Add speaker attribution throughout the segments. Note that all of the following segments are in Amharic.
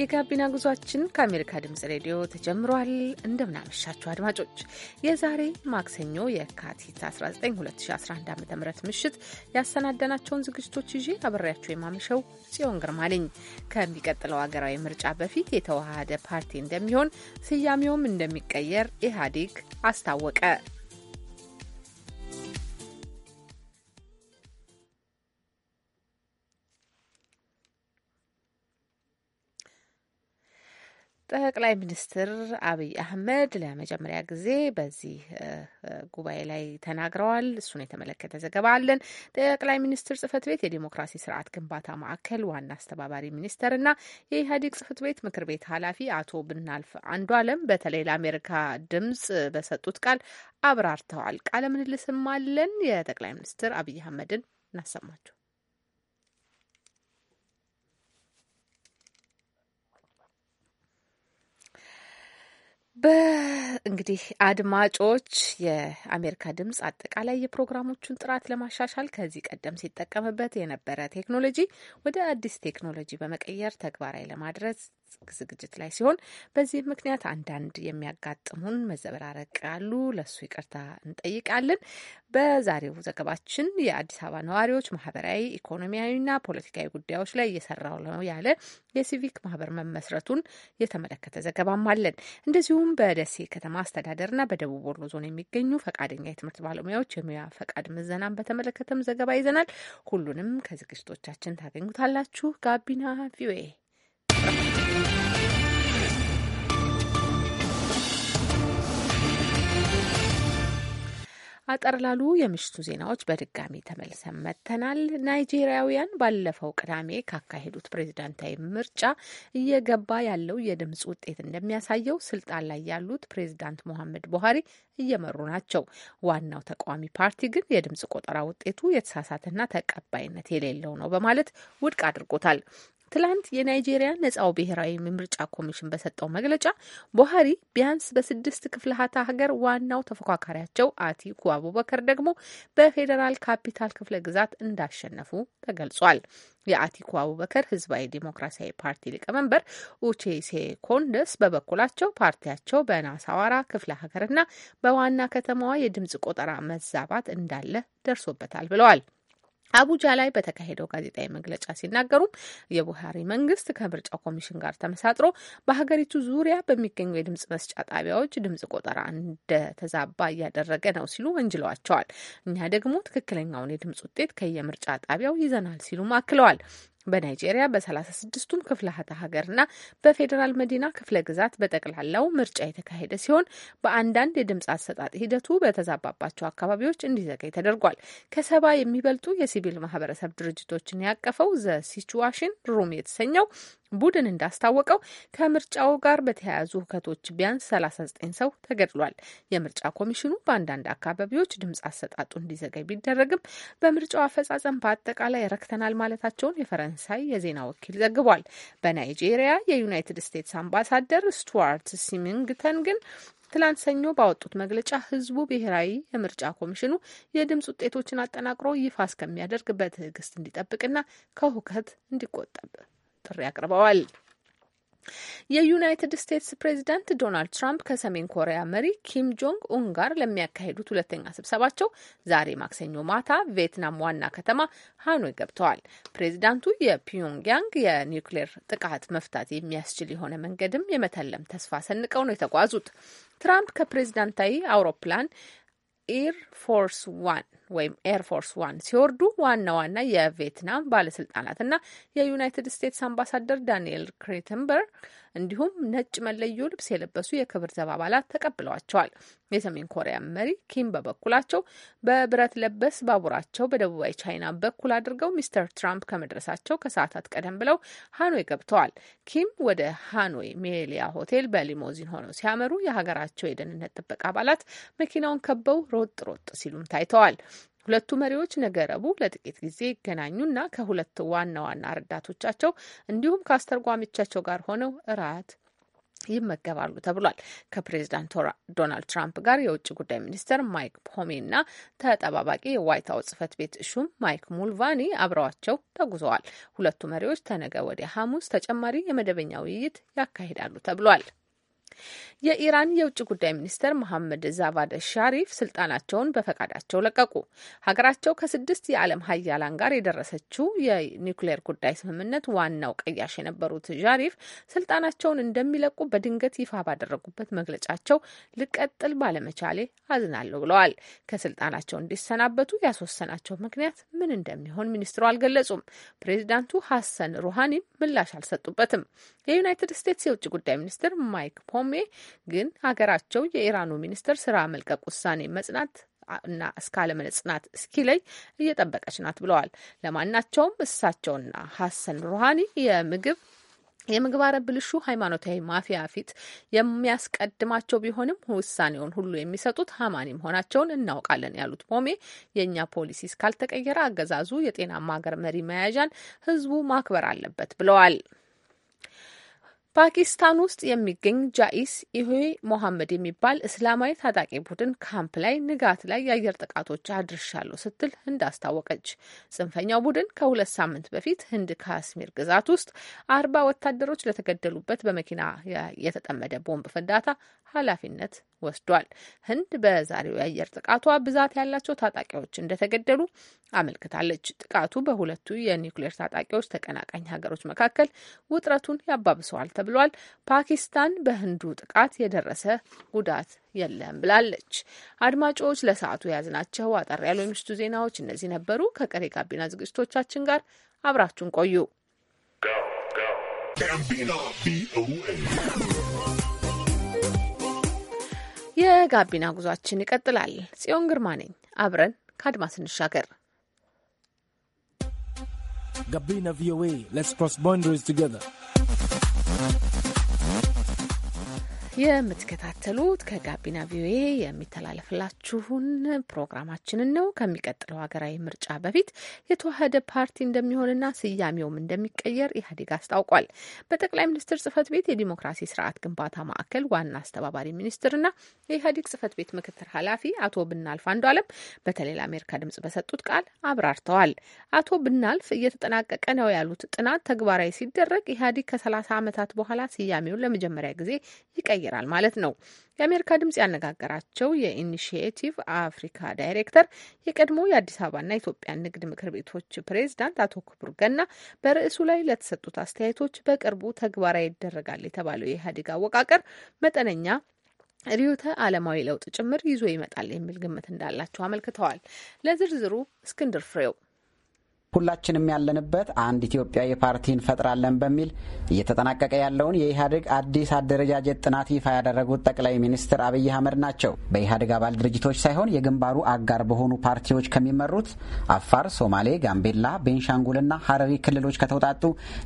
Speaker 1: የጋቢና ጉዟችን ከአሜሪካ ድምጽ ሬዲዮ ተጀምሯል። እንደምናመሻችሁ አድማጮች፣ የዛሬ ማክሰኞ የካቲት 19 2011 ዓ ም ምሽት ያሰናዳናቸውን ዝግጅቶች ይዤ አብሬያችሁ የማመሸው ጽዮን ግርማ ነኝ። ከሚቀጥለው ሀገራዊ ምርጫ በፊት የተዋሃደ ፓርቲ እንደሚሆን ስያሜውም እንደሚቀየር ኢህአዴግ አስታወቀ። ጠቅላይ ሚኒስትር አብይ አህመድ ለመጀመሪያ ጊዜ በዚህ ጉባኤ ላይ ተናግረዋል። እሱን የተመለከተ ዘገባ አለን። ጠቅላይ ሚኒስትር ጽህፈት ቤት የዲሞክራሲ ስርዓት ግንባታ ማዕከል ዋና አስተባባሪ ሚኒስተር እና የኢህአዴግ ጽህፈት ቤት ምክር ቤት ኃላፊ አቶ ብናልፍ አንዱ አለም በተለይ ለአሜሪካ ድምጽ በሰጡት ቃል አብራርተዋል። ቃለ ምልልስም አለን። የጠቅላይ ሚኒስትር አብይ አህመድን እናሰማችሁ። በእንግዲህ አድማጮች የአሜሪካ ድምጽ አጠቃላይ የፕሮግራሞቹን ጥራት ለማሻሻል ከዚህ ቀደም ሲጠቀምበት የነበረ ቴክኖሎጂ ወደ አዲስ ቴክኖሎጂ በመቀየር ተግባራዊ ለማድረስ ዝግጅት ላይ ሲሆን በዚህ ምክንያት አንዳንድ የሚያጋጥሙን መዘበራረቅ ያሉ ለእሱ ይቅርታ እንጠይቃለን። በዛሬው ዘገባችን የአዲስ አበባ ነዋሪዎች ማህበራዊ፣ ኢኮኖሚያዊና ፖለቲካዊ ጉዳዮች ላይ እየሰራው ነው ያለ የሲቪክ ማህበር መመስረቱን የተመለከተ ዘገባም አለን። እንደዚሁም በደሴ ከተማ አስተዳደርና በደቡብ ወሎ ዞን የሚገኙ ፈቃደኛ የትምህርት ባለሙያዎች የሙያ ፈቃድ ምዘናን በተመለከተም ዘገባ ይዘናል። ሁሉንም ከዝግጅቶቻችን ታገኙታላችሁ። ጋቢና ቪኦኤ አጠር ላሉ የምሽቱ ዜናዎች በድጋሚ ተመልሰን መጥተናል። ናይጄሪያውያን ባለፈው ቅዳሜ ካካሄዱት ፕሬዝዳንታዊ ምርጫ እየገባ ያለው የድምፅ ውጤት እንደሚያሳየው ስልጣን ላይ ያሉት ፕሬዝዳንት ሞሐመድ ቡሃሪ እየመሩ ናቸው። ዋናው ተቃዋሚ ፓርቲ ግን የድምፅ ቆጠራ ውጤቱ የተሳሳተና ተቀባይነት የሌለው ነው በማለት ውድቅ አድርጎታል። ትላንት የናይጄሪያ ነጻው ብሔራዊ ምርጫ ኮሚሽን በሰጠው መግለጫ ቡሃሪ ቢያንስ በስድስት ክፍለ ሀገር ዋናው ተፎካካሪያቸው አቲኩ አቡበከር ደግሞ በፌዴራል ካፒታል ክፍለ ግዛት እንዳሸነፉ ተገልጿል። የአቲኩ አቡበከር ህዝባዊ ዴሞክራሲያዊ ፓርቲ ሊቀመንበር ኡቼሴ ኮንደስ በበኩላቸው ፓርቲያቸው በናሳዋራ ክፍለ ሀገርና በዋና ከተማዋ የድምጽ ቆጠራ መዛባት እንዳለ ደርሶበታል ብለዋል። አቡጃ ላይ በተካሄደው ጋዜጣዊ መግለጫ ሲናገሩም የቡሃሪ መንግስት ከምርጫው ኮሚሽን ጋር ተመሳጥሮ በሀገሪቱ ዙሪያ በሚገኙ የድምጽ መስጫ ጣቢያዎች ድምጽ ቆጠራ እንደተዛባ እያደረገ ነው ሲሉ ወንጅለዋቸዋል። እኛ ደግሞ ትክክለኛውን የድምጽ ውጤት ከየምርጫ ጣቢያው ይዘናል ሲሉም አክለዋል። በናይጄሪያ በ36ቱም ክፍለ ሀገርና በፌዴራል መዲና ክፍለ ግዛት በጠቅላላው ምርጫ የተካሄደ ሲሆን በአንዳንድ የድምፅ አሰጣጥ ሂደቱ በተዛባባቸው አካባቢዎች እንዲዘገይ ተደርጓል። ከሰባ የሚበልጡ የሲቪል ማህበረሰብ ድርጅቶችን ያቀፈው ዘ ሲቹዋሽን ሩም የተሰኘው ቡድን እንዳስታወቀው ከምርጫው ጋር በተያያዙ ሁከቶች ቢያንስ 39 ሰው ተገድሏል። የምርጫ ኮሚሽኑ በአንዳንድ አካባቢዎች ድምፅ አሰጣጡ እንዲዘገይ ቢደረግም በምርጫው አፈጻጸም በአጠቃላይ ረክተናል ማለታቸውን የፈረንሳይ ፈረንሳይ የዜና ወኪል ዘግቧል። በናይጄሪያ የዩናይትድ ስቴትስ አምባሳደር ስቱዋርት ሲሚንግተን ግን ትላንት ሰኞ ባወጡት መግለጫ ህዝቡ ብሔራዊ የምርጫ ኮሚሽኑ የድምፅ ውጤቶችን አጠናቅሮ ይፋ እስከሚያደርግ በትዕግስት እንዲጠብቅና ከሁከት እንዲቆጠብ ጥሪ አቅርበዋል። የዩናይትድ ስቴትስ ፕሬዚዳንት ዶናልድ ትራምፕ ከሰሜን ኮሪያ መሪ ኪም ጆንግ ኡን ጋር ለሚያካሂዱት ሁለተኛ ስብሰባቸው ዛሬ ማክሰኞ ማታ ቪየትናም ዋና ከተማ ሃኖይ ገብተዋል። ፕሬዚዳንቱ የፒዮንግያንግ የኒውክሌር ጥቃት መፍታት የሚያስችል የሆነ መንገድም የመተለም ተስፋ ሰንቀው ነው የተጓዙት። ትራምፕ ከፕሬዚዳንታዊ አውሮፕላን ኤር ፎርስ ዋን ወይም ኤርፎርስ ዋን ሲወርዱ ዋና ዋና የቪየትናም ባለስልጣናትና የዩናይትድ ስቴትስ አምባሳደር ዳንኤል ክሬተንበርግ እንዲሁም ነጭ መለዮ ልብስ የለበሱ የክብር ዘብ አባላት ተቀብለዋቸዋል። የሰሜን ኮሪያ መሪ ኪም በበኩላቸው በብረት ለበስ ባቡራቸው በደቡባዊ ቻይና በኩል አድርገው ሚስተር ትራምፕ ከመድረሳቸው ከሰዓታት ቀደም ብለው ሃኖይ ገብተዋል። ኪም ወደ ሃኖይ ሜሊያ ሆቴል በሊሞዚን ሆነው ሲያመሩ የሀገራቸው የደህንነት ጥበቃ አባላት መኪናውን ከበው ሮጥ ሮጥ ሲሉም ታይተዋል። ሁለቱ መሪዎች ነገ ረቡዕ ለጥቂት ጊዜ ይገናኙና ከሁለት ዋና ዋና ረዳቶቻቸው እንዲሁም ከአስተርጓሚቻቸው ጋር ሆነው እራት ይመገባሉ ተብሏል። ከፕሬዚዳንት ዶናልድ ትራምፕ ጋር የውጭ ጉዳይ ሚኒስትር ማይክ ፖሜ እና ተጠባባቂ የዋይት ሀውስ ጽህፈት ቤት ሹም ማይክ ሙልቫኒ አብረዋቸው ተጉዘዋል። ሁለቱ መሪዎች ተነገ ወዲያ ሐሙስ ተጨማሪ የመደበኛ ውይይት ያካሂዳሉ ተብሏል። የኢራን የውጭ ጉዳይ ሚኒስትር መሐመድ ዛቫድ ሻሪፍ ስልጣናቸውን በፈቃዳቸው ለቀቁ። ሀገራቸው ከስድስት የዓለም ሀያላን ጋር የደረሰችው የኒውክሌር ጉዳይ ስምምነት ዋናው ቀያሽ የነበሩት ዣሪፍ ስልጣናቸውን እንደሚለቁ በድንገት ይፋ ባደረጉበት መግለጫቸው ልቀጥል ባለመቻሌ አዝናለሁ ብለዋል። ከስልጣናቸው እንዲሰናበቱ ያስወሰናቸው ምክንያት ምን እንደሚሆን ሚኒስትሩ አልገለጹም። ፕሬዚዳንቱ ሀሰን ሩሃኒም ምላሽ አልሰጡበትም። የዩናይትድ ስቴትስ የውጭ ጉዳይ ሚኒስትር ማይክ ፖም ሻሜ ግን ሀገራቸው የኢራኑ ሚኒስትር ስራ መልቀቅ ውሳኔ መጽናት እና እስካለመጽናት እስኪለይ እየጠበቀች ናት ብለዋል። ለማናቸውም እሳቸውና ሀሰን ሩሃኒ የምግብ የምግባረ ብልሹ ሃይማኖታዊ ማፊያ ፊት የሚያስቀድማቸው ቢሆንም ውሳኔውን ሁሉ የሚሰጡት ሀማኒ መሆናቸውን እናውቃለን ያሉት ፖሜ የእኛ ፖሊሲ እስካልተቀየረ አገዛዙ የጤናማ ሀገር መሪ መያዣን ህዝቡ ማክበር አለበት ብለዋል። ፓኪስታን ውስጥ የሚገኝ ጃኢስ ኢሁይ ሞሐመድ የሚባል እስላማዊ ታጣቂ ቡድን ካምፕ ላይ ንጋት ላይ የአየር ጥቃቶች አድርሻለሁ ስትል ህንድ አስታወቀች። ጽንፈኛው ቡድን ከሁለት ሳምንት በፊት ህንድ ካስሚር ግዛት ውስጥ አርባ ወታደሮች ለተገደሉበት በመኪና የተጠመደ ቦምብ ፍንዳታ ኃላፊነት ወስዷል። ህንድ በዛሬው የአየር ጥቃቷ ብዛት ያላቸው ታጣቂዎች እንደተገደሉ አመልክታለች። ጥቃቱ በሁለቱ የኒውክሌር ታጣቂዎች ተቀናቃኝ ሀገሮች መካከል ውጥረቱን ያባብሰዋል ተብሏል። ፓኪስታን በህንዱ ጥቃት የደረሰ ጉዳት የለም ብላለች። አድማጮች ለሰዓቱ የያዝናቸው አጠር ያሉ የምሽቱ ዜናዎች እነዚህ ነበሩ። ከቀሪ ጋቢና ዝግጅቶቻችን ጋር አብራችሁን ቆዩ። የጋቢና ጉዟችን ይቀጥላል። ጽዮን ግርማ ነኝ። አብረን ከአድማስ እንሻገር።
Speaker 2: ጋቢና ቪኦኤ ሌትስ ክሮስ ቦንደሪስ ቱጌዘር
Speaker 1: የምትከታተሉት ከጋቢና ቪኦኤ የሚተላለፍላችሁን ፕሮግራማችንን ነው። ከሚቀጥለው ሀገራዊ ምርጫ በፊት የተዋህደ ፓርቲ እንደሚሆንና ስያሜውም እንደሚቀየር ኢህአዴግ አስታውቋል። በጠቅላይ ሚኒስትር ጽህፈት ቤት የዲሞክራሲ ስርዓት ግንባታ ማዕከል ዋና አስተባባሪ ሚኒስትርና የኢህአዴግ ጽህፈት ቤት ምክትል ኃላፊ አቶ ብናልፍ አንዱ አለም በተለይ ለአሜሪካ ድምጽ በሰጡት ቃል አብራርተዋል። አቶ ብናልፍ እየተጠናቀቀ ነው ያሉት ጥናት ተግባራዊ ሲደረግ ኢህአዴግ ከሰላሳ ዓመታት በኋላ ስያሜውን ለመጀመሪያ ጊዜ ይቀይራል ይቀየራል ማለት ነው። የአሜሪካ ድምጽ ያነጋገራቸው የኢኒሽቲቭ አፍሪካ ዳይሬክተር የቀድሞ የአዲስ አበባና የኢትዮጵያ ንግድ ምክር ቤቶች ፕሬዚዳንት አቶ ክቡር ገና በርዕሱ ላይ ለተሰጡት አስተያየቶች በቅርቡ ተግባራዊ ይደረጋል የተባለው የኢህአዴግ አወቃቀር መጠነኛ ርዕዮተ ዓለማዊ ለውጥ ጭምር ይዞ ይመጣል የሚል ግምት እንዳላቸው አመልክተዋል። ለዝርዝሩ እስክንድር ፍሬው
Speaker 3: ሁላችንም ያለንበት አንድ ኢትዮጵያዊ ፓርቲ እንፈጥራለን በሚል እየተጠናቀቀ ያለውን የኢህአዴግ አዲስ አደረጃጀት ጥናት ይፋ ያደረጉት ጠቅላይ ሚኒስትር አብይ አህመድ ናቸው። በኢህአዴግ አባል ድርጅቶች ሳይሆን የግንባሩ አጋር በሆኑ ፓርቲዎች ከሚመሩት አፋር፣ ሶማሌ፣ ጋምቤላ፣ ቤንሻንጉልና ሀረሪ ክልሎች ከተውጣጡ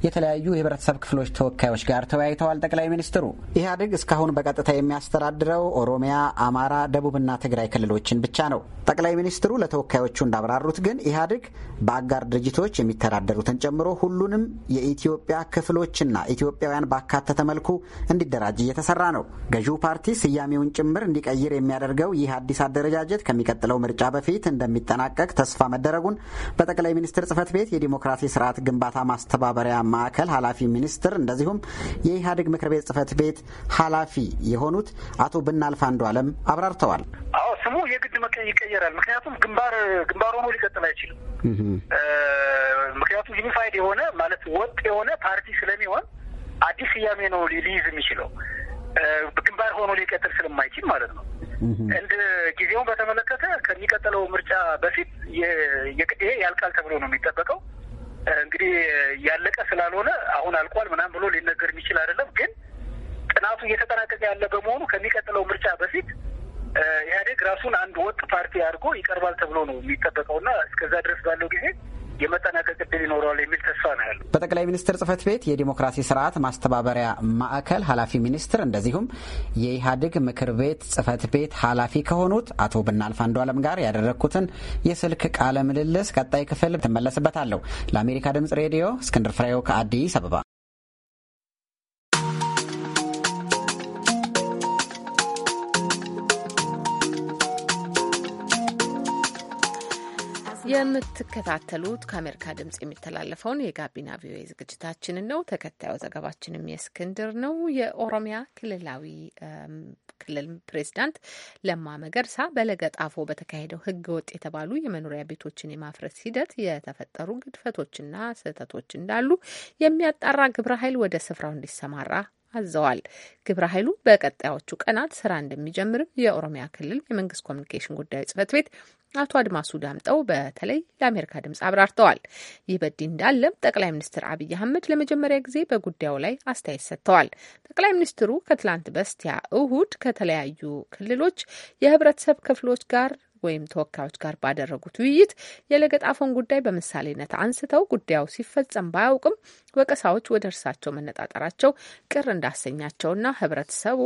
Speaker 3: የተለያዩ የህብረተሰብ ክፍሎች ተወካዮች ጋር ተወያይተዋል። ጠቅላይ ሚኒስትሩ ኢህአዴግ እስካሁን በቀጥታ የሚያስተዳድረው ኦሮሚያ፣ አማራ፣ ደቡብና ትግራይ ክልሎችን ብቻ ነው። ጠቅላይ ሚኒስትሩ ለተወካዮቹ እንዳብራሩት ግን ኢህአዴግ በአጋር ድርጅቶች የሚተዳደሩትን ጨምሮ ሁሉንም የኢትዮጵያ ክፍሎችና ኢትዮጵያውያን ባካተተ መልኩ እንዲደራጅ እየተሰራ ነው። ገዢው ፓርቲ ስያሜውን ጭምር እንዲቀይር የሚያደርገው ይህ አዲስ አደረጃጀት ከሚቀጥለው ምርጫ በፊት እንደሚጠናቀቅ ተስፋ መደረጉን በጠቅላይ ሚኒስትር ጽህፈት ቤት የዲሞክራሲ ስርዓት ግንባታ ማስተባበሪያ ማዕከል ኃላፊ ሚኒስትር እንደዚሁም የኢህአዴግ ምክር ቤት ጽህፈት ቤት ኃላፊ የሆኑት አቶ ብናልፍ አንዱ አለም አብራርተዋል።
Speaker 2: ስሙ የግድ ይቀየራል። ምክንያቱም ግንባር ግንባር ሆኖ ሊቀጥል አይችልም።
Speaker 3: ምክንያቱም ዩኒፋይድ የሆነ ማለት ወጥ የሆነ ፓርቲ ስለሚሆን
Speaker 4: አዲስ ስያሜ ነው ሊይዝ የሚችለው ግንባር ሆኖ ሊቀጥል ስለማይችል ማለት ነው። እንድ ጊዜውን በተመለከተ ከሚቀጥለው ምርጫ በፊት
Speaker 2: ይሄ ያልቃል ተብሎ ነው የሚጠበቀው። እንግዲህ ያለቀ ስላልሆነ አሁን አልቋል ምናምን ብሎ ሊነገር የሚችል አይደለም። ግን ጥናቱ እየተጠናቀቀ ያለ በመሆኑ ከሚቀጥለው ምርጫ በፊት ኢህአዴግ ራሱን አንድ ወጥ ፓርቲ አድርጎ ይቀርባል ተብሎ ነው የሚጠበቀውና እስከዛ ድረስ ባለው ጊዜ የመጠናቀቅ እድል ይኖረዋል የሚል ተስፋ ነው ያለው።
Speaker 3: በጠቅላይ ሚኒስትር ጽህፈት ቤት የዲሞክራሲ ስርዓት ማስተባበሪያ ማዕከል ኃላፊ ሚኒስትር እንደዚሁም የኢህአዴግ ምክር ቤት ጽህፈት ቤት ኃላፊ ከሆኑት አቶ ብናልፍ አንዱ አለም ጋር ያደረግኩትን የስልክ ቃለ ምልልስ ቀጣይ ክፍል ትመለስበታለሁ። ለአሜሪካ ድምጽ ሬዲዮ እስክንድር ፍሬው ከአዲስ አበባ
Speaker 1: የምትከታተሉት ከአሜሪካ ድምጽ የሚተላለፈውን የጋቢና ቪኦኤ ዝግጅታችንን ነው። ተከታዩ ዘገባችንም የእስክንድር ነው። የኦሮሚያ ክልላዊ ክልል ፕሬዚዳንት ለማ መገርሳ በለገጣፎ በተካሄደው ህገ ወጥ የተባሉ የመኖሪያ ቤቶችን የማፍረስ ሂደት የተፈጠሩ ግድፈቶችና ስህተቶች እንዳሉ የሚያጣራ ግብረ ኃይል ወደ ስፍራው እንዲሰማራ አዘዋል። ግብረ ኃይሉ በቀጣዮቹ ቀናት ስራ እንደሚጀምርም የኦሮሚያ ክልል የመንግስት ኮሚኒኬሽን ጉዳዮች ጽህፈት ቤት አቶ አድማሱ ዳምጠው በተለይ ለአሜሪካ ድምጽ አብራርተዋል። ይህ በዲህ እንዳለም ጠቅላይ ሚኒስትር አብይ አህመድ ለመጀመሪያ ጊዜ በጉዳዩ ላይ አስተያየት ሰጥተዋል። ጠቅላይ ሚኒስትሩ ከትላንት በስቲያ እሁድ ከተለያዩ ክልሎች የህብረተሰብ ክፍሎች ጋር ወይም ተወካዮች ጋር ባደረጉት ውይይት የለገጣፎን ጉዳይ በምሳሌነት አንስተው ጉዳዩ ሲፈጸም ባያውቅም ወቀሳዎች ወደ እርሳቸው መነጣጠራቸው ቅር እንዳሰኛቸውና ህብረተሰቡ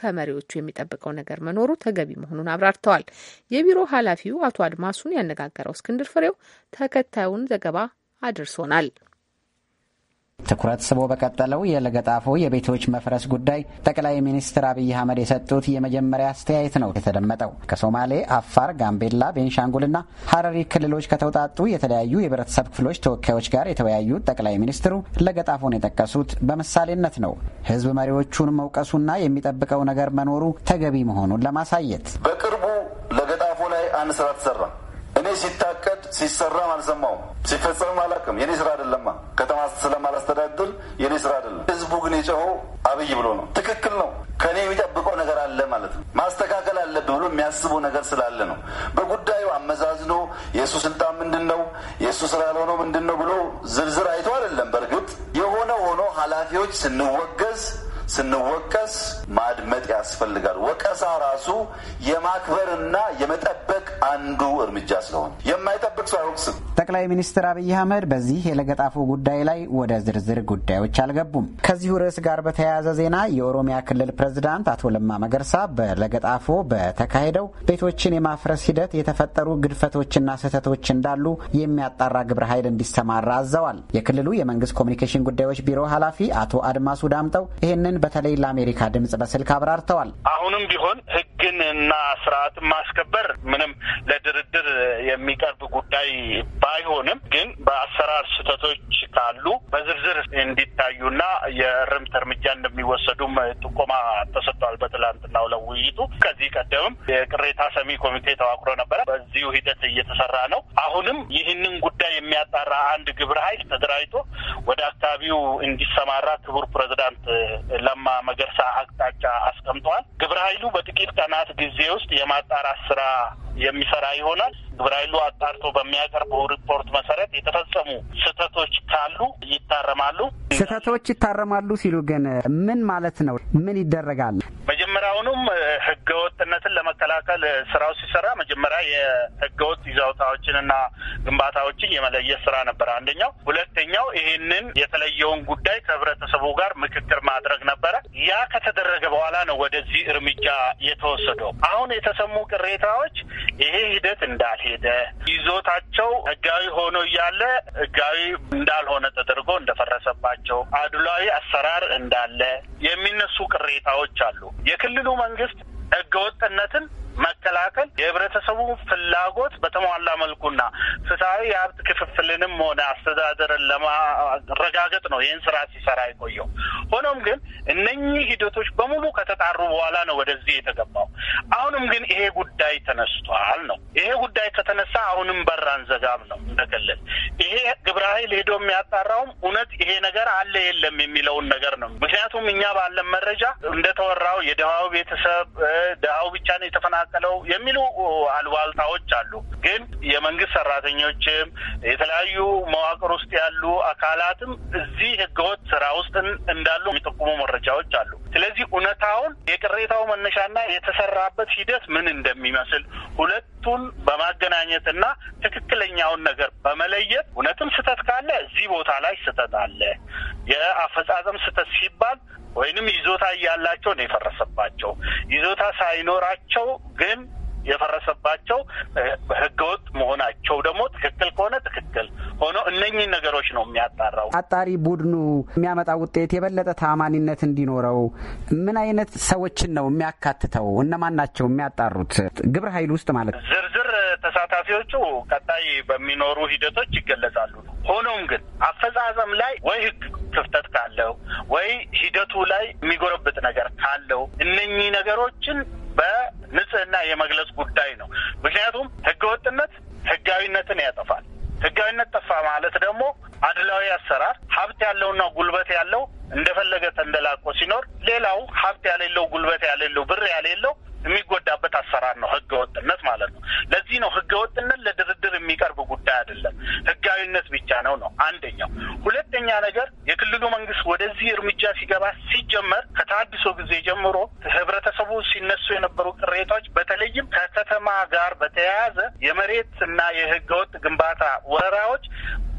Speaker 1: ከመሪዎቹ የሚጠብቀው ነገር መኖሩ ተገቢ መሆኑን አብራርተዋል። የቢሮ ኃላፊው አቶ አድማሱን ያነጋገረው እስክንድር ፍሬው ተከታዩን ዘገባ አድርሶናል።
Speaker 3: ትኩረት ስቦ በቀጠለው የለገጣፎ የቤቶች መፍረስ ጉዳይ ጠቅላይ ሚኒስትር አብይ አህመድ የሰጡት የመጀመሪያ አስተያየት ነው የተደመጠው። ከሶማሌ፣ አፋር፣ ጋምቤላ፣ ቤንሻንጉልና ሀረሪ ክልሎች ከተውጣጡ የተለያዩ የህብረተሰብ ክፍሎች ተወካዮች ጋር የተወያዩት ጠቅላይ ሚኒስትሩ ለገጣፎን የጠቀሱት በምሳሌነት ነው። ህዝብ መሪዎቹን መውቀሱና የሚጠብቀው ነገር መኖሩ ተገቢ መሆኑን ለማሳየት በቅርቡ ለገጣፎ ላይ አንድ ስራ ተሰራ። እኔ ሲታቀድ
Speaker 2: ሲሰራም አልሰማውም፣ ሲፈጸምም አላውቅም። የኔ ስራ አይደለማ። ከተማ ስለማላስተዳድር የኔ ስራ አይደለም። ህዝቡ ግን የጮኸው አብይ ብሎ ነው። ትክክል ነው። ከእኔ የሚጠብቀው ነገር አለ ማለት ነው። ማስተካከል አለብህ ብሎ የሚያስበው ነገር ስላለ ነው። በጉዳዩ አመዛዝኖ የእሱ ስልጣን ምንድን ነው፣ የእሱ ስራ ያልሆነው ምንድን ነው ብሎ ዝርዝር አይቶ አይደለም። በእርግጥ የሆነ ሆኖ ኃላፊዎች ስንወገዝ ስንወቀስ ማድመጥ ያስፈልጋል። ወቀሳ ራሱ የማክበርና የመጠበቅ አንዱ እርምጃ ስለሆነ የማይጠብቅ ሰው
Speaker 3: አይወቅስም። ጠቅላይ ሚኒስትር አብይ አህመድ በዚህ የለገጣፉ ጉዳይ ላይ ወደ ዝርዝር ጉዳዮች አልገቡም። ከዚሁ ርዕስ ጋር በተያያዘ ዜና የኦሮሚያ ክልል ፕሬዝዳንት አቶ ለማ መገርሳ በለገጣፎ በተካሄደው ቤቶችን የማፍረስ ሂደት የተፈጠሩ ግድፈቶችና ስህተቶች እንዳሉ የሚያጣራ ግብረ ኃይል እንዲሰማራ አዘዋል። የክልሉ የመንግስት ኮሚኒኬሽን ጉዳዮች ቢሮ ኃላፊ አቶ አድማሱ ዳምጠው ይህንን በተለይ ለአሜሪካ ድምጽ በስልክ አብራርተዋል። አሁንም
Speaker 2: ቢሆን ህግን እና ስርዓትን ማስከበር ምንም ለድርድር የሚቀርብ ጉዳይ ባይሆንም ግን በአሰራር ስህተቶች ካሉ በዝርዝር እንዲታዩና የእርምት እርምጃ እንደሚወሰዱም ጥቆማ ተሰጥቷል። በትላንትናው ለውይይቱ ከዚህ ቀደምም የቅሬታ ሰሚ ኮሚቴ ተዋቅሮ ነበረ። በዚሁ ሂደት እየተሰራ ነው። አሁንም ይህንን ጉዳይ የሚያጣራ አንድ ግብረ ኃይል ተደራጅቶ ወደ አካባቢው እንዲሰማራ ክቡር ፕሬዚዳንት ለማ መገርሳ አቅጣጫ አስቀምጠዋል። ግብረ ኃይሉ በጥቂት ቀናት ጊዜ ውስጥ የማጣራት ስራ የሚሰራ ይሆናል። ግብረ ኃይሉ አጣርቶ በሚያቀርበው ሪፖርት መሰረት የተፈጸሙ ስህተቶች ካሉ ይታረማሉ።
Speaker 3: ስህተቶች ይታረማሉ ሲሉ ግን ምን ማለት ነው? ምን ይደረጋል?
Speaker 2: መጀመሪያውኑም ህገወጥነትን ለመከላከል ስራው ሲሰራ መጀመሪያ የህገወጥ ይዞታዎችንና ግንባታዎችን የመለየት ስራ ነበር አንደኛው። ሁለተኛው ይህንን የተለየውን ጉዳይ ከህብረተሰቡ ጋር ምክክር ማድረግ ነበረ። ያ ከተደረገ በኋላ ነው ወደዚህ እርምጃ የተወሰደው። አሁን የተሰሙ ቅሬታዎች ይሄ ሂደት እንዳልሄደ ይዞታቸው ህጋዊ ሆኖ እያለ ህጋዊ እንዳልሆነ ተደርጎ እንደፈረሰባቸው አድሏዊ አሰራር እንዳለ የሚነሱ ቅሬታዎች አሉ። የክልሉ መንግስት ህገወጥነትን መከላከል የህብረተሰቡ ፍላጎት በተሟላ መልኩና ፍትሐዊ የሀብት ክፍፍልንም ሆነ አስተዳደርን ለማረጋገጥ ነው ይህን ስራ ሲሰራ የቆየው። ሆኖም ግን እነኚህ ሂደቶች በሙሉ ከተጣሩ በኋላ ነው ወደዚህ የተገባው። አሁንም ግን ይሄ ጉዳይ ተነስቷል ነው። ይሄ ጉዳይ ከተነሳ አሁንም በር አንዘጋም ነው እንደገለል ይሄ ግብረ ኃይል ሄዶ የሚያጣራውም እውነት ይሄ ነገር አለ የለም የሚለውን ነገር ነው። ምክንያቱም እኛ ባለን መረጃ እንደተወራው የድሃው ቤተሰብ ድሃው ብቻ ነው የተፈና የተቀላቀለው የሚሉ አልባልታዎች አሉ። ግን የመንግስት ሰራተኞችም የተለያዩ መዋቅር ውስጥ ያሉ አካላትም እዚህ ህገወጥ ስራ ውስጥ እንዳሉ የሚጠቁሙ መረጃዎች አሉ። ስለዚህ እውነታውን የቅሬታው መነሻና የተሰራበት ሂደት ምን እንደሚመስል ሁለቱን በማገናኘት እና ትክክለኛውን ነገር በመለየት እውነትም ስህተት ካለ እዚህ ቦታ ላይ ስህተት አለ፣ የአፈጻጸም ስህተት ሲባል ወይንም ይዞታ እያላቸው ነው የፈረሰባቸው። ይዞታ ሳይኖራቸው ግን የፈረሰባቸው ህገወጥ መሆናቸው ደግሞ ትክክል ከሆነ ትክክል ሆኖ እነኚህ ነገሮች ነው የሚያጣራው
Speaker 3: አጣሪ ቡድኑ። የሚያመጣ ውጤት የበለጠ ታማኒነት እንዲኖረው ምን አይነት ሰዎችን ነው የሚያካትተው? እነማን ናቸው የሚያጣሩት? ግብረ ኃይል ውስጥ ማለት ነው። ዝርዝር ተሳታፊዎቹ ቀጣይ በሚኖሩ ሂደቶች ይገለጻሉ።
Speaker 2: ሆኖም ግን አፈጻጸም ላይ ወይ ህግ ክፍተት ካለው ወይ ሂደቱ ላይ የሚጎረብጥ ነገር ካለው እነኚህ ነገሮችን በ ንጽህና የመግለጽ ጉዳይ ነው። ምክንያቱም ህገወጥነት ህጋዊነትን ያጠፋል። ህጋዊነት ጠፋ ማለት ደግሞ አድላዊ አሰራር ሀብት ያለውና ጉልበት ያለው እንደፈለገ ተንደላቆ ሲኖር፣ ሌላው ሀብት ያሌለው ጉልበት ያሌለው ብር ያሌለው የሚጎዳበት አሰራር ነው ህገ ወጥነት ለዚህ ነው ህገወጥነት ለድርድር የሚቀርብ ጉዳይ አይደለም፣ ህጋዊነት ብቻ ነው ነው አንደኛው። ሁለተኛ ነገር የክልሉ መንግስት ወደዚህ እርምጃ ሲገባ ሲጀመር ከታድሶ ጊዜ ጀምሮ ህብረተሰቡ ሲነሱ የነበሩ ቅሬታዎች በተለይም ከከተማ ጋር በተያያዘ የመሬት እና የህገወጥ ግንባታ ወረራዎች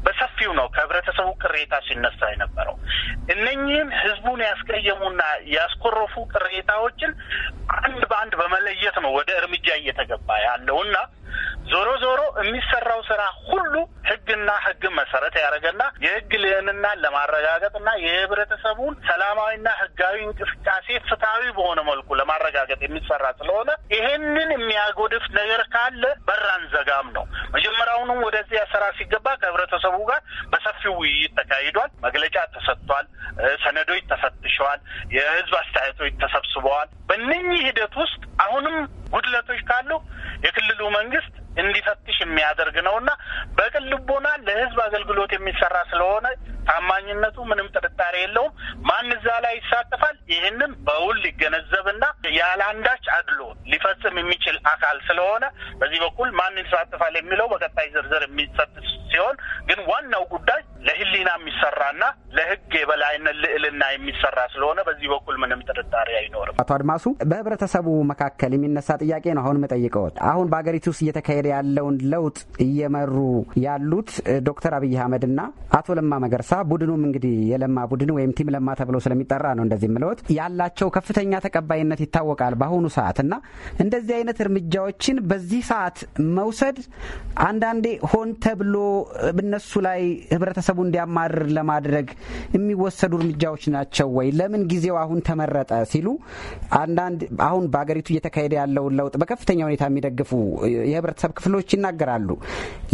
Speaker 2: በሰፊው ነው ከህብረተሰቡ ቅሬታ ሲነሳ የነበረው። እነኚህን ህዝቡን ያስቀየሙና ያስኮረፉ ቅሬታዎችን አንድ በአንድ በመለየት ነው ወደ እርምጃ እየተገባ ያለውና ዞሮ ዞሮ የሚሰራው ስራ ሁሉ ህግና ህግን መሰረት ያደረገና የህግ ልዕልናን ለማረጋገጥና የህብረተሰቡን ሰላማዊና ህጋዊ እንቅስቃሴ ፍትሐዊ በሆነ መልኩ ለማረጋገጥ የሚሰራ ስለሆነ ይህንን የሚያጎድፍ ነገር ካለ በራን ዘጋም ነው። መጀመሪያውንም ወደዚህ አሰራር ሲገባ ከህብረተሰቡ ጋር በሰፊው ውይይት ተካሂዷል። መግለጫ ተሰጥቷል። ሰነዶች ተፈትሸዋል። የህዝብ አስተያየቶች ተሰብስበዋል። በእነኚህ ሂደት ውስጥ አሁንም ጉድለቶች ካሉ የክልሉ መንግስት እንዲፈትሽ የሚያደርግ ነውና በቅል ልቦና ለህዝብ አገልግሎት የሚሰራ ስለሆነ ታማኝነቱ ምንም ጥርጣሬ የለውም። ማን እዛ ላይ ይሳተፋል? ይህንም በውል ሊገነዘብና ያለ አንዳች አድሎ ሊፈጽም የሚችል አካል ስለሆነ በዚህ በኩል ማን ይሳተፋል የሚለው በቀጣይ ዝርዝር የሚሰጥ ሲሆን ግን ዋናው ጉዳይ ለህሊና የሚሰራና ለህግ
Speaker 3: የበላይነት ልዕልና የሚሰራ ስለሆነ በዚህ በኩል ምንም ጥርጣሬ አይኖርም። አቶ አድማሱ በህብረተሰቡ መካከል የሚነሳ ጥያቄ ነው። አሁን የምጠይቀው አሁን በሀገሪቱ ውስጥ እየተካሄደ ያለውን ለውጥ እየመሩ ያሉ ያሉት ዶክተር አብይ አህመድና አቶ ለማ መገርሳ ቡድኑም እንግዲህ የለማ ቡድን ወይም ቲም ለማ ተብሎ ስለሚጠራ ነው እንደዚህ ምለወት ያላቸው ከፍተኛ ተቀባይነት ይታወቃል በአሁኑ ሰዓት እና እንደዚህ አይነት እርምጃዎችን በዚህ ሰዓት መውሰድ አንዳንዴ ሆን ተብሎ እነሱ ላይ ህብረተሰቡ እንዲያማርር ለማድረግ የሚወሰዱ እርምጃዎች ናቸው ወይ? ለምን ጊዜው አሁን ተመረጠ ሲሉ አንዳንድ አሁን በሀገሪቱ እየተካሄደ ያለውን ለውጥ በከፍተኛ ሁኔታ የሚደግፉ የህብረተሰብ ክፍሎች ይናገራሉ።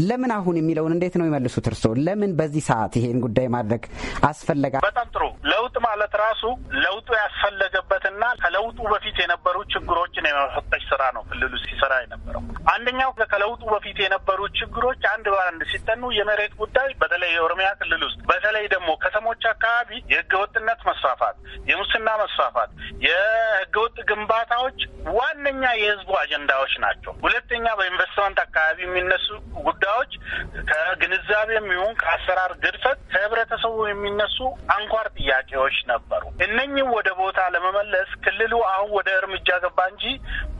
Speaker 3: ለምን አሁን የሚለው የሚለውን እንዴት ነው የመልሱት? እርስዎ ለምን በዚህ ሰዓት ይሄን ጉዳይ ማድረግ አስፈለጋ? በጣም ጥሩ ለውጥ ማለት ራሱ ለውጡ ያስፈለገበትና
Speaker 2: ከለውጡ በፊት የነበሩ ችግሮችን የመፈተሽ ስራ ነው ክልሉ ሲሰራ የነበረው። አንደኛው ከለውጡ በፊት የነበሩ ችግሮች አንድ በአንድ ሲጠኑ የመሬት ጉዳይ በተለይ የኦሮሚያ ክልል ውስጥ በተለይ ደግሞ ከተሞች አካባቢ የህገወጥነት መስፋፋት፣ የሙስና መስፋፋት፣ የህገወጥ ግንባታዎች ዋነኛ የህዝቡ አጀንዳዎች ናቸው። ሁለተኛ በኢንቨስትመንት አካባቢ የሚነሱ ጉዳዮች ከግንዛቤም ይሁን ከአሰራር ግድፈት ከህብረተሰቡ የሚነሱ አንኳር ጥያቄዎች ነበሩ። እነኝም ወደ ቦታ ለመመለስ ክልሉ አሁን ወደ እርምጃ ገባ እንጂ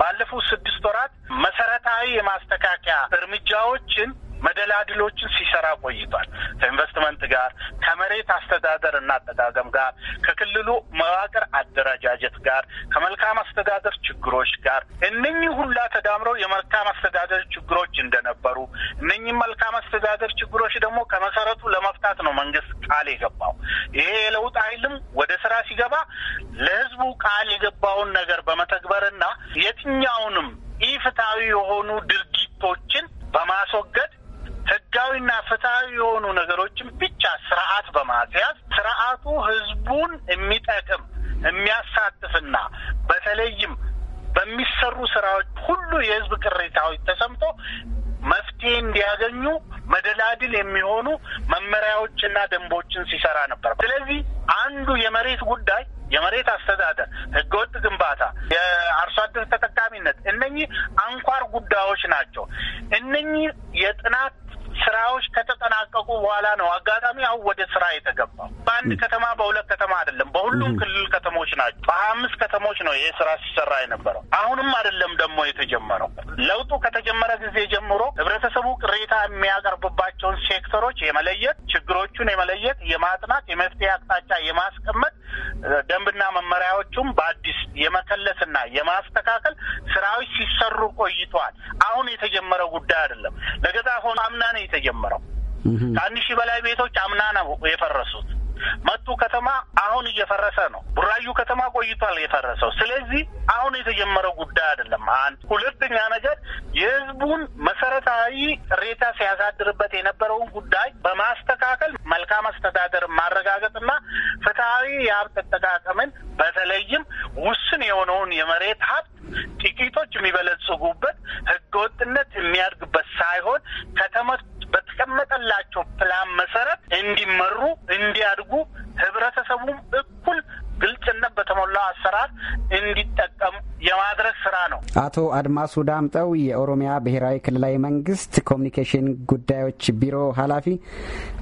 Speaker 2: ባለፉት ስድስት ወራት መሰረታዊ የማስተካከያ እርምጃዎችን መደላድሎችን ሲሰራ ቆይቷል። ከኢንቨስትመንት ጋር፣ ከመሬት አስተዳደር እና አጠቃቀም ጋር፣ ከክልሉ መዋቅር አደረጃጀት ጋር፣ ከመልካም አስተዳደር ችግሮች ጋር እነኚህ ሁላ ተዳምረው የመልካም አስተዳደር ችግሮች እንደነበሩ እነኚህ መልካም አስተዳደር ችግሮች ደግሞ ከመሰረቱ ለመፍታት ነው መንግስት ቃል የገባው። ይሄ የለውጥ ኃይልም ወደ ስራ ሲገባ ለህዝቡ ቃል የገባውን ነገር በመተግበርና የትኛውንም ኢፍትሐዊ የሆኑ ድርጊቶችን በማስወገድ ህጋዊና ፍትሐዊ የሆኑ ነገሮችን ብቻ ስርዓት በማስያዝ ስርዓቱ ህዝቡን የሚጠቅም የሚያሳትፍና በተለይም በሚሰሩ ስራዎች ሁሉ የህዝብ ቅሬታዎች ተሰምቶ መፍትሄ እንዲያገኙ መደላድል የሚሆኑ መመሪያዎችና ደንቦችን ሲሰራ ነበር። ስለዚህ አንዱ የመሬት ጉዳይ የመሬት አስተዳደር፣ ህገወጥ ግንባታ፣ የአርሶ አደር ተጠቃሚነት እነኚህ አንኳር ጉዳዮች ናቸው። እነኚህ የጥናት ስራዎች ከተጠናቀቁ በኋላ ነው አጋጣሚ አሁን ወደ ስራ የተገባው። በአንድ ከተማ በሁለት ከተማ አይደለም፣ በሁሉም ክልል ከተሞች ናቸው። በሀያ አምስት ከተሞች ነው ይሄ ስራ ሲሰራ የነበረው። አሁንም አይደለም ደግሞ የተጀመረው። ለውጡ ከተጀመረ ጊዜ ጀምሮ ህብረተሰቡ ቅሬታ የሚያቀርብባቸውን ሴክተሮች የመለየት ችግሮቹን የመለየት የማጥናት፣ የመፍትሄ አቅጣጫ የማስቀመጥ ደንብና መመሪያዎቹም በአዲስ የመከለስና የማስተካከል ስራዎች ሲሰሩ ቆይተዋል። አሁን የተጀመረ ጉዳይ አይደለም። ለገዛ ሆኖ አምና ነው የተጀመረው። ከአንድ ሺህ በላይ ቤቶች አምና ነው የፈረሱት። መቱ ከተማ አሁን እየፈረሰ ነው። ቡራዩ ከተማ ቆይቷል የፈረሰው። ስለዚህ አሁን የተጀመረው ጉዳይ አይደለም። አንድ ሁለተኛ ነገር የህዝቡን መሰረታዊ ቅሬታ ሲያሳድርበት የነበረውን ጉዳይ በማስተካከል መልካም አስተዳደር ማረጋገጥና ፍትሐዊ የሀብት አጠቃቀምን በተለይም ውስን የሆነውን የመሬት ሀብት ጥቂቶች የሚበለጽጉበት ህገወጥነት የሚያድግበት ሳይሆን ከተመ በተቀመጠላቸው ፕላን መሰረት እንዲመሩ እንዲያድጉ ህብረተሰቡም እኩል ግልጽነት
Speaker 3: በተሞላው አሰራር እንዲጠቀም የማድረግ ስራ ነው። አቶ አድማሱ ዳምጠው የኦሮሚያ ብሔራዊ ክልላዊ መንግስት ኮሚኒኬሽን ጉዳዮች ቢሮ ኃላፊ፣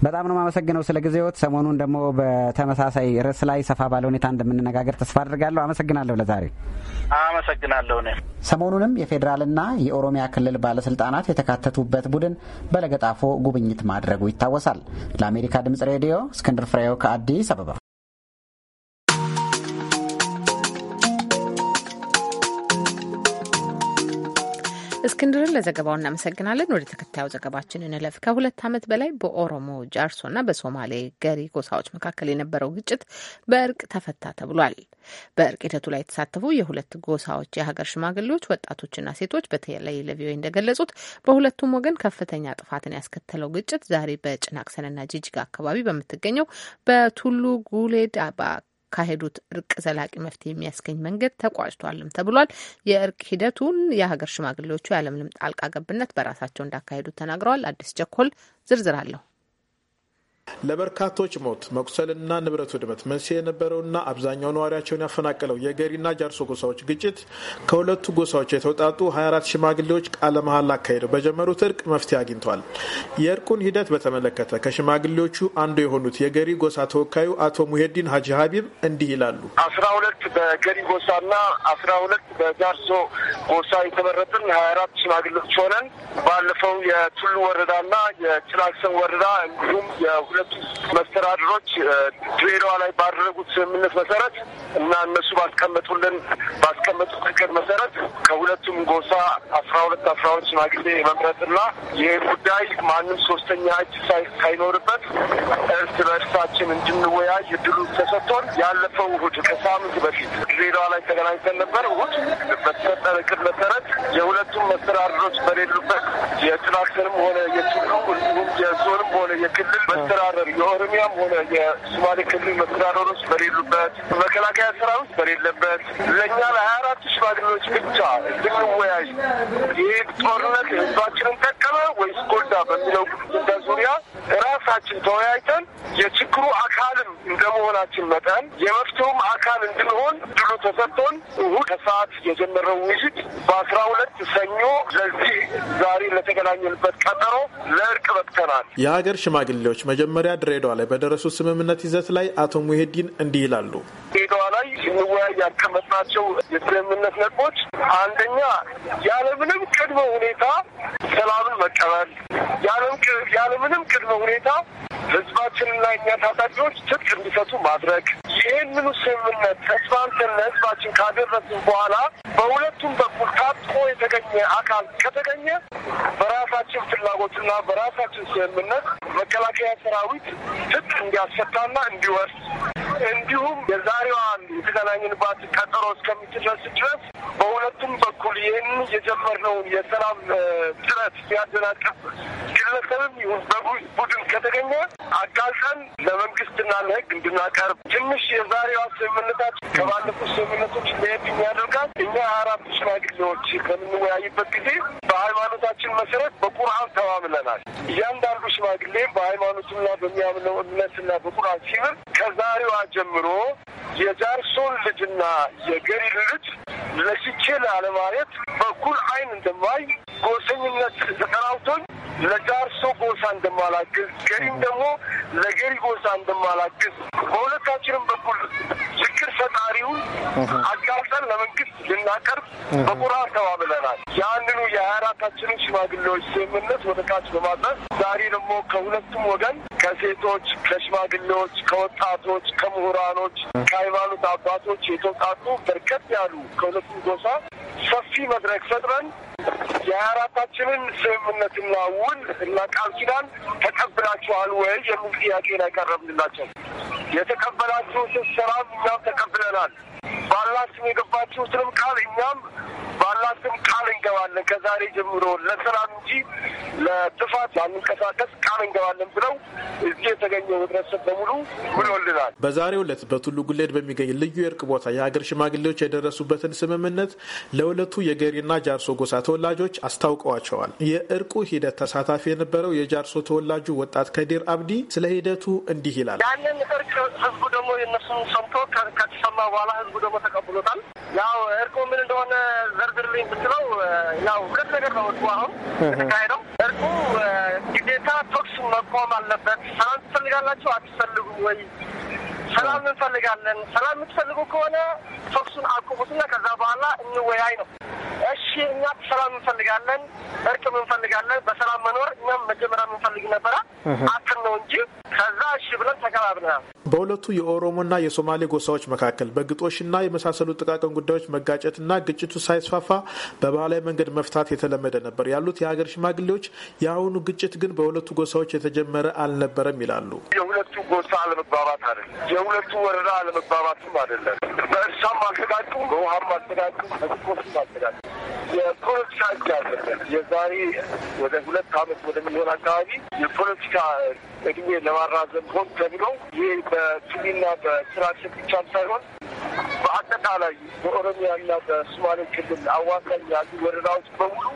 Speaker 3: በጣም ነው የማመሰግነው ስለ ጊዜዎት። ሰሞኑን ደግሞ በተመሳሳይ ርዕስ ላይ ሰፋ ባለ ሁኔታ እንደምንነጋገር ተስፋ አድርጋለሁ። አመሰግናለሁ ለዛሬ
Speaker 2: አመሰግናለሁ። እኔ
Speaker 3: ሰሞኑንም የፌዴራልና የኦሮሚያ ክልል ባለስልጣናት የተካተቱበት ቡድን በለገጣፎ ጉብኝት ማድረጉ ይታወሳል። ለአሜሪካ ድምጽ ሬዲዮ እስክንድር ፍሬው ከአዲስ አበባ
Speaker 1: እስክንድርን ለዘገባው እናመሰግናለን። ወደ ተከታዩ ዘገባችን እንለፍ። ከሁለት ዓመት በላይ በኦሮሞ ጃርሶና በሶማሌ ገሪ ጎሳዎች መካከል የነበረው ግጭት በእርቅ ተፈታ ተብሏል። በእርቅ ሂደቱ ላይ የተሳተፉ የሁለት ጎሳዎች የሀገር ሽማግሌዎች፣ ወጣቶችና ሴቶች በተለይ ለቪኦኤ እንደገለጹት በሁለቱም ወገን ከፍተኛ ጥፋትን ያስከተለው ግጭት ዛሬ በጭናቅሰንና ጂጂጋ አካባቢ በምትገኘው በቱሉ ጉሌ ዳባ ያካሄዱት እርቅ ዘላቂ መፍትሄ የሚያስገኝ መንገድ ተቋጭቷልም ተብሏል። የእርቅ ሂደቱን የሀገር ሽማግሌዎቹ ያለምንም ጣልቃ ገብነት በራሳቸው እንዳካሄዱ ተናግረዋል። አዲስ ቸኮል ዝርዝር አለሁ
Speaker 5: ለበርካቶች ሞት መቁሰልና ንብረት ውድመት መንስኤ የነበረውና አብዛኛው ነዋሪያቸውን ያፈናቀለው የገሪና ጃርሶ ጎሳዎች ግጭት ከሁለቱ ጎሳዎች የተውጣጡ 24 ሽማግሌዎች ቃለ መሀል አካሄደው በጀመሩት እርቅ መፍትሄ አግኝቷል። የእርቁን ሂደት በተመለከተ ከሽማግሌዎቹ አንዱ የሆኑት የገሪ ጎሳ ተወካዩ አቶ ሙሄዲን ሀጂ ሀቢብ እንዲህ ይላሉ።
Speaker 4: አስራ ሁለት በገሪ ጎሳና አስራ ሁለት በጃርሶ ጎሳ የተመረጥን ሀያ ሽማግሌዎች ሆነን ባለፈው የቱሉ ወረዳና የችላክሰን ወረዳ እንዲሁም ሁለቱ መስተዳድሮች ድሬዳዋ ላይ ባደረጉት ስምምነት መሰረት እና እነሱ ባስቀመጡልን ባስቀመጡት እቅድ መሰረት ከሁለቱም ጎሳ አስራ ሁለት አስራ ሁለት ሽማግሌ መምረጥና ይህ ጉዳይ ማንም ሶስተኛ እጅ ሳይኖርበት እርስ በእርሳችን እንድንወያይ እድሉ ተሰጥቶን ያለፈው እሑድ ከሳምንት በፊት ድሬዳዋ ላይ ተገናኝተን ነበር። እሑድ በተሰጠ እቅድ መሰረት የሁለቱም መስተዳድሮች በሌሉበት የትራክተርም ሆነ የትሉ እንዲሁም የዞን ሆነ የክልል መስተዳደር የኦሮሚያም ሆነ የሶማሌ ክልል መስተዳደሮች በሌሉበት፣ መከላከያ ሰራዊት በሌለበት ለእኛ ለሀያ አራቱ ሽማግሌዎች ብቻ እንድንወያይ ይህ ጦርነት ህዝባችንን ጠቀመ ወይስ ጎዳ በሚለው ጉዳይ ዙሪያ ራሳችን ተወያይተን የችግሩ አካልም እንደመሆናችን መጠን የመፍትሄውም አካል እንድንሆን ድሎ ተሰጥቶን እሁድ ከሰዓት የጀመረው ውይይት በአስራ ሁለት ሰኞ ለዚህ ዛሬ ለተገናኘንበት ቀጠሮ ለእርቅ በቅተናል።
Speaker 5: የሀገር ሽማግሌዎች መጀመሪያ ድሬዳዋ ላይ በደረሱ ስምምነት ይዘት ላይ አቶ ሙሄዲን እንዲህ ይላሉ።
Speaker 4: ድሬዳዋ ላይ ስንወያይ ያስቀመጥናቸው የስምምነት ነጥቦች አንደኛ ያለምንም ቅድመ ሁኔታ ሰላምን መቀበል፣ ያለምንም ቅድመ ሁኔታ ህዝባችንና እኛ ታጣቂዎች ትጥቅ እንዲፈቱ ማድረግ። ይህንኑ ስምምነት ተስማምተን ለህዝባችን ካደረስን በኋላ በሁለቱም በኩል ታጥቆ የተገኘ አካል ከተገኘ በራሳችን ፍላጎትና በራሳችን ስምምነት መከላከያ ሰራዊት ህግ እንዲያስፈታና እንዲወርስ እንዲሁም የዛሬዋን የተገናኝንባት ቀጠሮ እስከምትደርስ ድረስ በሁለቱም በኩል ይህን የጀመርነውን የሰላም ጥረት ሲያደናቀፍ ግለሰብም ይሁን በቡድን ከተገኘ አጋልጠን ለመንግስትና ለህግ እንድናቀርብ ትንሽ የዛሬዋ ስምምነታችን ከባለፉት ስምምነቶች ለየት የሚያደርጋል እኛ አራት ሽማግሌዎች በምንወያይበት ጊዜ በሃይማኖታችን መሰረት በቁርአን ተማምለናል። እያንዳንዱ ሽማግሌ በሃይማኖቱና በሚያምነው እምነትና በቁርአን ሲምር ከዛሬዋ ጀምሮ የጃርሶን ልጅና የገሪል ልጅ ለሽቼ ላለማለት በኩል አይን እንደማይ ጎሰኝነት ተጠራውቶኝ ለዳርሶ ጎሳ እንደማላግዝ ገሪም ደግሞ ለገሪ ጎሳ እንደማላግዝ በሁለታችንም በኩል ችግር ፈጣሪውን አጋልጠን ለመንግስት ልናቀርብ በቁርአን ተባብለናል። ያንኑ የሀያ አራታችንን ሽማግሌዎች ስምምነት ወደ ታች በማድረስ ዛሬ ደግሞ ከሁለቱም ወገን ከሴቶች፣ ከሽማግሌዎች፣ ከወጣቶች፣ ከምሁራኖች፣ ከሃይማኖት አባቶች የተውጣጡ በርከት ያሉ ከሁለቱም ጎሳ ሰፊ መድረክ ፈጥረን የሀያ አራታችንን ስምምነትና ውል እና ቃል ኪዳን ተቀብላችኋል ወይ የሚል ጥያቄ ላይ ቀረብንላቸው። የተቀበላችሁትን ሰላም እኛም ተቀብለናል ባላችን የገባችሁትንም ቃል እኛም ባላስም ቃል እንገባለን ከዛሬ ጀምሮ ለሰላም እንጂ ለጥፋት አንንቀሳቀስ ቃል እንገባለን ብለው እዚህ የተገኘው ህብረተሰብ በሙሉ
Speaker 5: ብሎልናል። በዛሬው ዕለት በቱሉ ጉሌድ በሚገኝ ልዩ የእርቅ ቦታ የሀገር ሽማግሌዎች የደረሱበትን ስምምነት ለሁለቱ የገሪና ጃርሶ ጎሳ ተወላጆች አስታውቀዋቸዋል። የእርቁ ሂደት ተሳታፊ የነበረው የጃርሶ ተወላጁ ወጣት ከዲር አብዲ ስለ ሂደቱ እንዲህ ይላል።
Speaker 4: ያንን እርቅ ህዝቡ ደግሞ የነሱን ሰምቶ በኋላ ህዝቡ ደግሞ ተቀብሎታል። ያው እርቁ ምን እንደሆነ ዘርዝርልኝ ብትለው ያው ሁለት ነገር ነው እርቁ አሁን የተካሄደው። እርቁ ግዴታ ተኩስ መቆም አለበት። ሰላም ትፈልጋላችሁ አትፈልጉ ወይ? ሰላም እንፈልጋለን። ሰላም የምትፈልጉ ከሆነ ተኩሱን አቁሙትና ከዛ በኋላ እንወያይ ነው። እሺ እኛ ሰላም እንፈልጋለን፣ እርቅም እንፈልጋለን፣ በሰላም መኖር እኛም መጀመሪያ የምንፈልግ ነበረ
Speaker 2: አትን ነው እንጂ ከዛ
Speaker 5: እሺ ብለን ተቀባብለናል። በሁለቱ የኦሮሞና የሶማሌ ጎሳዎች መካከል በግጦሽና የመሳሰሉ ጥቃቅን ጉዳዮች መጋጨትና ግጭቱ ሳይስፋፋ በባህላዊ መንገድ መፍታት የተለመደ ነበር ያሉት የሀገር ሽማግሌዎች፣ የአሁኑ ግጭት ግን በሁለቱ ጎሳዎች የተጀመረ አልነበረም ይላሉ። የሁለቱ ጎሳ አለመግባባት
Speaker 4: አይደለም፣ የሁለቱ ወረዳ አለመግባባትም አይደለም። በእርሻም አልተጋጩም፣ በውሃም አልተጋጩም፣ በግጦሽም አልተጋጩም። የፖለቲካ እጅ አለበት። የዛሬ ወደ ሁለት አመት ወደሚሆን አካባቢ የፖለቲካ እድሜ ለማ ለማራዘም ሆን ተብሎ ይህ በሲቪልና በስራችን ብቻ ሳይሆን በአጠቃላይ በኦሮሚያና በሶማሌ ክልል አዋሳኝ ያሉ
Speaker 5: ወረዳዎች በሙሉ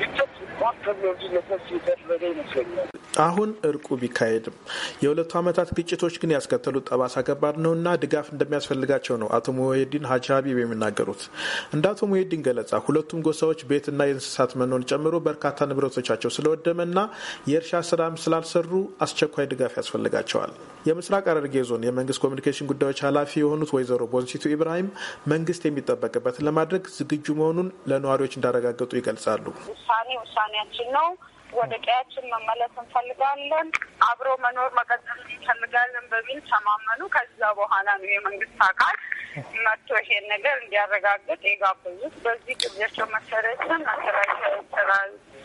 Speaker 5: ግጭት ሆን ተብሎ እንዲነሰስ የተደረገ ይመስለኛል። አሁን እርቁ ቢካሄድም የሁለቱ ዓመታት ግጭቶች ግን ያስከተሉት ጠባሳ ከባድ ነውና ድጋፍ እንደሚያስፈልጋቸው ነው አቶ ሙሄዲን ሀጂ ሀቢብ የሚናገሩት። እንደ አቶ ሙሄዲን ገለጻ ሁለቱም ጎሳዎች ቤትና የእንስሳት መኖን ጨምሮ በርካታ ንብረቶቻቸው ስለወደመና የእርሻ ስራም ስላልሰሩ አስቸኳይ ድጋፍ ያስፈልጋቸዋል። የምስራቅ ሐረርጌ ዞን የመንግስት ኮሚኒኬሽን ጉዳዮች ኃላፊ የሆኑት ወይዘሮ ቦንሲቱ ኢብራሂም መንግስት የሚጠበቅበትን ለማድረግ ዝግጁ መሆኑን ለነዋሪዎች እንዳረጋገጡ ይገልጻሉ።
Speaker 6: ውሳኔ ውሳኔያችን ነው ወደ ቀያችን መመለስ እንፈልጋለን፣ አብሮ መኖር መቀጠል እንፈልጋለን በሚል ተማመኑ። ከዛ በኋላ ነው የመንግስት አካል መጥቶ ይሄን ነገር እንዲያረጋግጥ የጋበዙት። በዚህ ግብዣቸው መሰረትን መሰረተ ስራ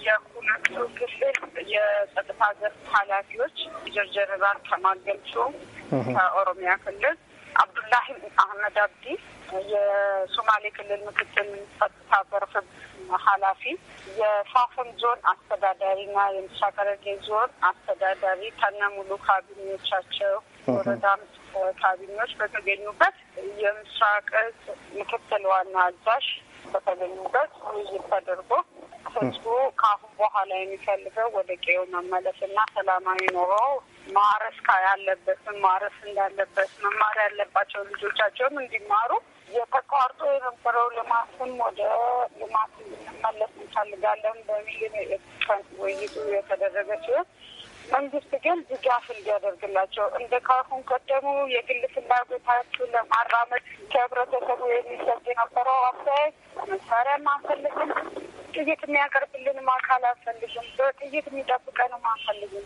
Speaker 6: የኩነቱ ክፍል የጸጥታ ዘርፍ ኃላፊዎች ሜጀር ጀነራል ከማል ከኦሮሚያ ክልል አብዱላሂ አህመድ አብዲ የሶማሌ ክልል ምክትል ጸጥታ ዘርፍ ኃላፊ የፋፈን ዞን አስተዳዳሪና የምስራቅ ሐረርጌ ዞን አስተዳዳሪ ከነሙሉ ካቢኔዎቻቸው ወረዳም ካቢኔዎች በተገኙበት የምስራቅ እዝ ምክትል ዋና አዛዥ በተገኙበት ውይይት ተደርጎ ህዝቡ ከአሁን በኋላ የሚፈልገው ወደ ቀዬው መመለስና ሰላማዊ ኑሮ ማረስ ያለበትም ማረስ እንዳለበት መማር ያለባቸው ልጆቻቸውም እንዲማሩ የተቋርጦ የነበረው ልማትም ወደ ልማት እንድንመለስ እንፈልጋለን በሚል ውይይቱ የተደረገ ሲሆን መንግስት ግን ድጋፍ እንዲያደርግላቸው እንደ ካሁን ቀደሙ የግል ፍላጎታችን ለማራመድ ከህብረተሰቡ የሚሰጥ የነበረው አስተያየት መሳሪያም አንፈልግም፣ ጥይት የሚያቀርብልንም አካል አንፈልግም፣ በጥይት የሚጠብቀንም አንፈልግም፣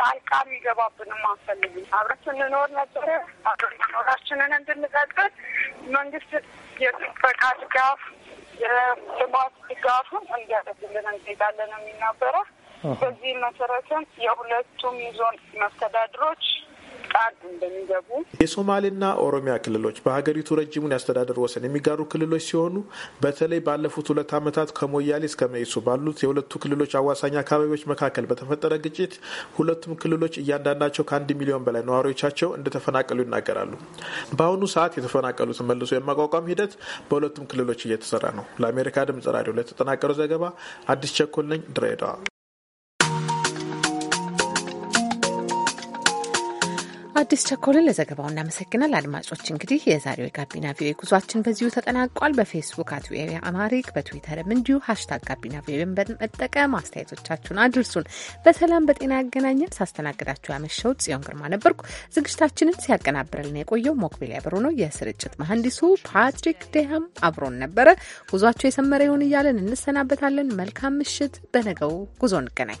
Speaker 6: ጣልቃ የሚገባብንም አንፈልግም፣ አብረን እንኖር ነበረ አብረን መኖራችንን እንድንቀጥል መንግስት የጥበቃ ድጋፍ የልማት ድጋፉን እንዲያደርግልን እንጠይቃለን የሚናበረው በዚህ መሰረትም የሁለቱም ዞን መስተዳድሮች ቃል እንደሚገቡ
Speaker 5: የሶማሌና ኦሮሚያ ክልሎች በሀገሪቱ ረጅሙን ያስተዳደር ወሰን የሚጋሩ ክልሎች ሲሆኑ በተለይ ባለፉት ሁለት ዓመታት ከሞያሌ እስከ መይሱ ባሉት የሁለቱ ክልሎች አዋሳኝ አካባቢዎች መካከል በተፈጠረ ግጭት ሁለቱም ክልሎች እያንዳንዳቸው ከአንድ ሚሊዮን በላይ ነዋሪዎቻቸው እንደተፈናቀሉ ይናገራሉ። በአሁኑ ሰዓት የተፈናቀሉትን መልሶ የማቋቋም ሂደት በሁለቱም ክልሎች እየተሰራ ነው። ለአሜሪካ ድምጽ ራዲዮ ለተጠናቀረው ዘገባ አዲስ ቸኮል ነኝ ድሬዳዋ።
Speaker 1: አዲስ ቸኮልን ለዘገባው እናመሰግናል። አድማጮች እንግዲህ የዛሬው የጋቢና ቪኦኤ ጉዟችን በዚሁ ተጠናቋል። በፌስቡክ አት ቪኦኤ አማሪክ በትዊተርም እንዲሁ ሀሽታግ ጋቢና ቪኦኤን በመጠቀም አስተያየቶቻችሁን አድርሱን። በሰላም በጤና ያገናኘን። ሳስተናግዳችሁ ያመሸሁት ጽዮን ግርማ ነበርኩ። ዝግጅታችንን ሲያቀናብርልን የቆየው ሞክቢል ያበሩ ነው። የስርጭት መሐንዲሱ ፓትሪክ ዴሃም አብሮን ነበረ። ጉዟቸው የሰመረ ይሁን እያለን እንሰናበታለን። መልካም ምሽት። በነገው ጉዞ እንገናኝ።